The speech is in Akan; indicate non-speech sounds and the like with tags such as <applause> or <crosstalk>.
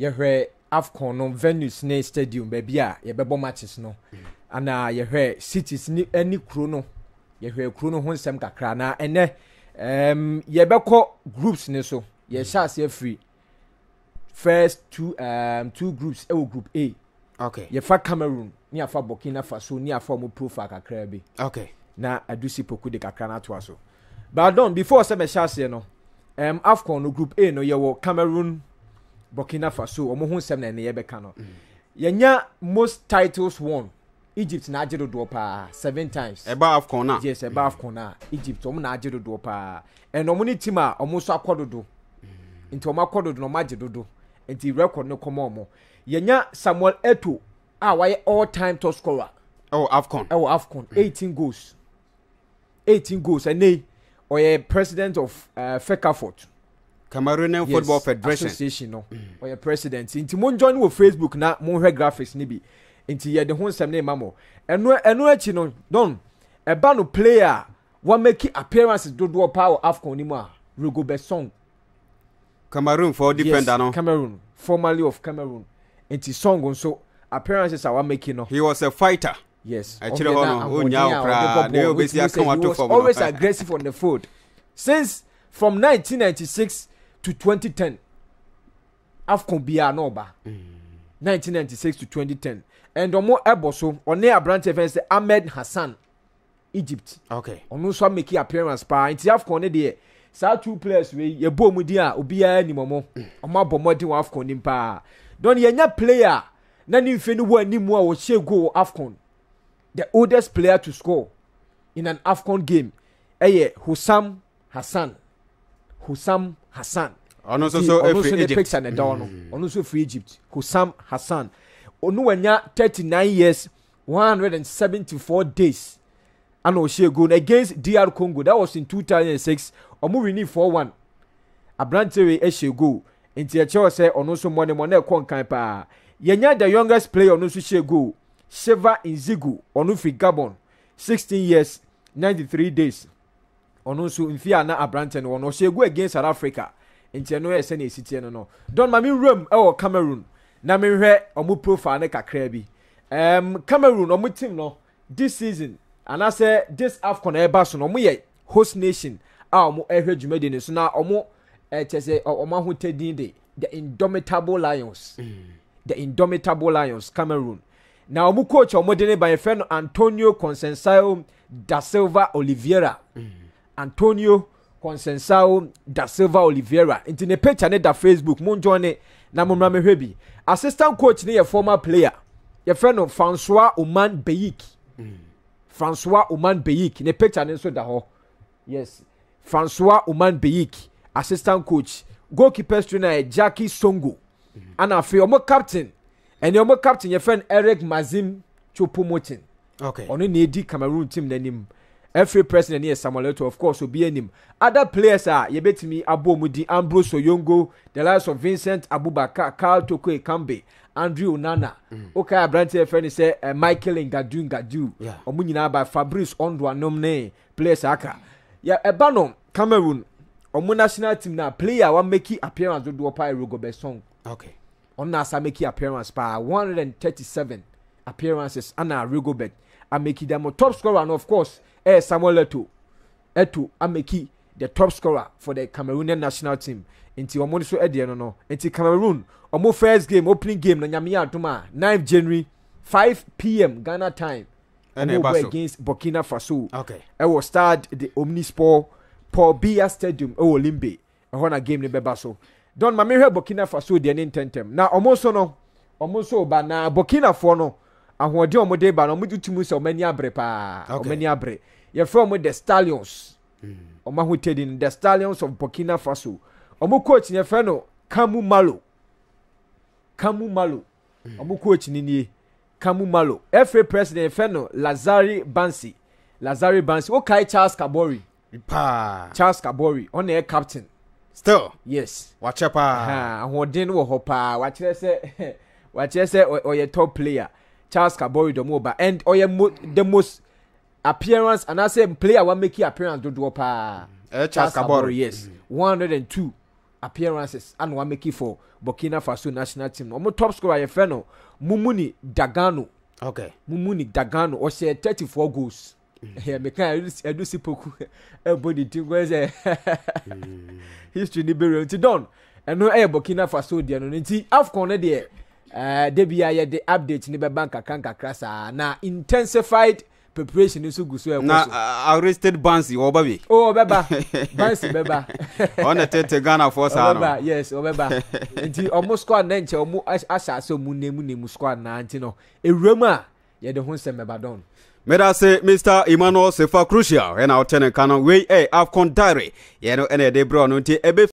yɛhwɛ afcon no Venus ne stadium baabi a yɛbɛbɔ matches no ana yɛhwɛ cities ne ɛne kuro no yɛhwɛ kuro no ho nsɛm kakra na ɛnɛ um, yɛbɛkɔ groups ne so yɛhyɛ mm. aseɛ firi first two um, two groups ɛwɔ group a okay. yɛfa cameroon ne afa burkina faso ne afa ɔmo profile kakra bi okay. na adusi poku de kakra no atoa so badon before sɛ mɛhyɛ aseɛ no um, afcon no group a no yɛwɔ cameroon burkina faso wɔn ho nsɛm na ɛnna yɛbɛka no yɛnya most titles won egypt na agye dodoɔ paa seven times ɛba afcon na yes ɛba afcon na egypt wɔn na agye dodoɔ paa ɛnna wɔn ne team a wɔn nso akɔ dodo nti wɔn akɔ dodo na wɔn agye dodo nti record no kɔmɔ wɔn yɛnya samuel eto a wayɛ all time top scorer ɛwɔ oh, afcon ɛwɔ oh, afcon eighteen goals eighteen goals ɛnna yi ɔyɛ president of uh, fekafort cameroonian yes, football federation association no ɔyɛ president nti mo join wɔ facebook na mo hwɛ graphics ni bi nti yɛde ho nsɛm ne ma mo ɛno ɛno akyi no don ɛba no player a wɔmaki appearances dodoɔ paa wɔ afcon ni mu a rigobert song cameroon for defender yes, no cameroon formerly of cameroon nti song nso appearances a wɔmaki no he was a fighter yes ɛkyerɛ hɔ no ɔnyaa koraa ne ɔbɛsi aka he was always aggressive on the field since from 1996 to 2010 afcon biara na ɔba 1996 mm. to 2010 and ɔmo ɛbɔ so ɔne aberanteɛ fɛn sɛ ahmed hassan egypt okay ɔno nso amake appearance paa nti afcon ne deɛ saa two players wei yɛbɔ ɔmo din a obiara nim ɔmo mm. ɔmo abɔ mmɔden wɔ afcon nim paa don yɛnya player na ne mfe no wɔ anim a wɔhyɛ goal wɔ afcon the oldest player to score in an afcon game ɛyɛ hosam hassan hosam hassan ɔno nso so ɛfiri egypt picture ne dɔn no mm. ɔno nso ɛfiri egypt hosam hassan Onu wanya thirty nine years one hundred and seventy four days ɛna ɔhyɛ goal against dr congo that was in two thousand and six ɔmo winni four one aberanteɛ wei ɛhyɛ goal nti ɛkyɛw sɛ ɔno nso mmɔ ne mmɔ na ɛkɔ nkan paa yɛnya the youngest player ɔno nso hyɛ goal sheva nzigo ɔno firi gabon sixteen years ninety three days ɔno nso mfi a na aberante no wɔ ɔhyɛ egu against south africa nti ɛno yɛ sɛnea esi tiɛ no no don maame nwuram ɛwɔ cameroon na mehwɛ ɔmo profile ne kakra bi ɛɛm cameroon ɔmo team no this season anaasɛ this afcon ɛɛba so no ɔmo yɛ host nation a ɔmo ɛhwɛ dwumadi ne so na ɔmo ɛkyɛ sɛ ɔmo ahotɛ din de the indomitable lions hmm. the indomitable lions cameroon na ɔmo coach ɔmo de ne ba yɛfɛ no antonio consensayo da silva oliveira. Mm antonio consensao da silva oliveira nti ne picture ne da facebook mo njɔn ne na mo mmara mehwɛ bi assistant coach ne yɛ former player yɛfrɛ no francois oman beyik mm. francois oman beyik ne picture ne nso da hɔ yes francois oman beyik assistant coach goalkeeper trainer yɛ jackie songo mm. ana afei ɔmo captain ɛnna ɔmo captain yɛfrɛ no eric mazim chopomotin ɔno okay. na edi cameroon team n'anim every president yɛ samuel eto of course will be in him. other players are yɛbɛtumi abɔ mu ambrose oyongo the likes of vincent abubakar Carl toko ekambe andrew nana mm. okay Brandt fɛ ne uh, michael ngadu ngadu yeah. ɔmo nyinaa ba fabrice ondoanom ne players aka yɛ yeah, ɛba no cameroon ɔmo national team na player a wa make appearance dodoɔ paa ɛrɛ gɔbɛ song okay ɔno na asa make appearance paa one hundred and thirty seven appearances ana rigobert ameki damo top scorer and of course eh, samuel eto eto ameki the top scorer for the cameroonian national team nti wɔn nso deɛ no no nti cameroon wɔn first game opening game na nyame adum a 9 january 5 pm ghana time ɛna eh, ɛba so against burkina faso okay ɛwɔ eh, start the omnisport paul biya stadium ɛwɔ eh, limbe ɛhɔ na game ne bɛba so don maame hwɛ burkina faso deɛ ne ntɛntɛm na wɔn nso no wɔn nso ba na burkina foɔ no ahoɔden a wɔn ba no wɔn tumi sɛ wɔn ani abere paa wɔn ani abere yɛfrɛ wɔn the stallions wɔn hmm. ahotɛdi no the stallions of burkina faso wɔn coach yɛfrɛ no kamu malo kamu malo wɔn hmm. coach ni nie kamu malo fa president yɛfrɛ no lazari bansi lazari bansi wokae charles kabori paa charles kabori ɔna yɛ captain still yes wakyɛ paa ahoɔden wɔ hɔ paa wakyerɛ sɛ <laughs> wakyerɛ sɛ ɔyɛ top player charles kabori dɔm wɔ and ɔyɛ mo the most appearance anaasɛ player wa make appearance dodoɔ paa eh, charles kabori yes mm. one hundred and two appearances ana wa make for burkina faso national team wɔn top scorer yɛ fɛ no mumuni dagano okay mumuni dagano ɔhyɛ thirty four goals mm. meka ɛdu si poku <laughs> ɛbɔ ne ti nkɔɛ sɛ <laughs> history ni bɛrɛ nti don ɛno ɛyɛ burkina faso deɛ no nti afcon no deɛ Eh, dabi a yɛde update ne bɛba nkakra nkakra saa na intensified preparation nso gu so ɛkɔ so. na eh, arrested bansi ɔba bi. o oh, ɔbɛba <laughs> bansi bɛba. <laughs> ɔna tete ghana fɔ saa no. ɔbɛba yes ɔbɛba <laughs> nti ɔmo squad na nkyɛn ɔmo ahyɛ ase ɔmo nemu nemu squad na nti no ewuram a yɛde ho nsɛm ɛba dɔn. meda se mr emmanuel sefa crucial ɛna ɔtɛ ne ka no wei ɛ eh, afcon diary yɛno ɛna ɛde berɛ ɔno nti ɛbɛ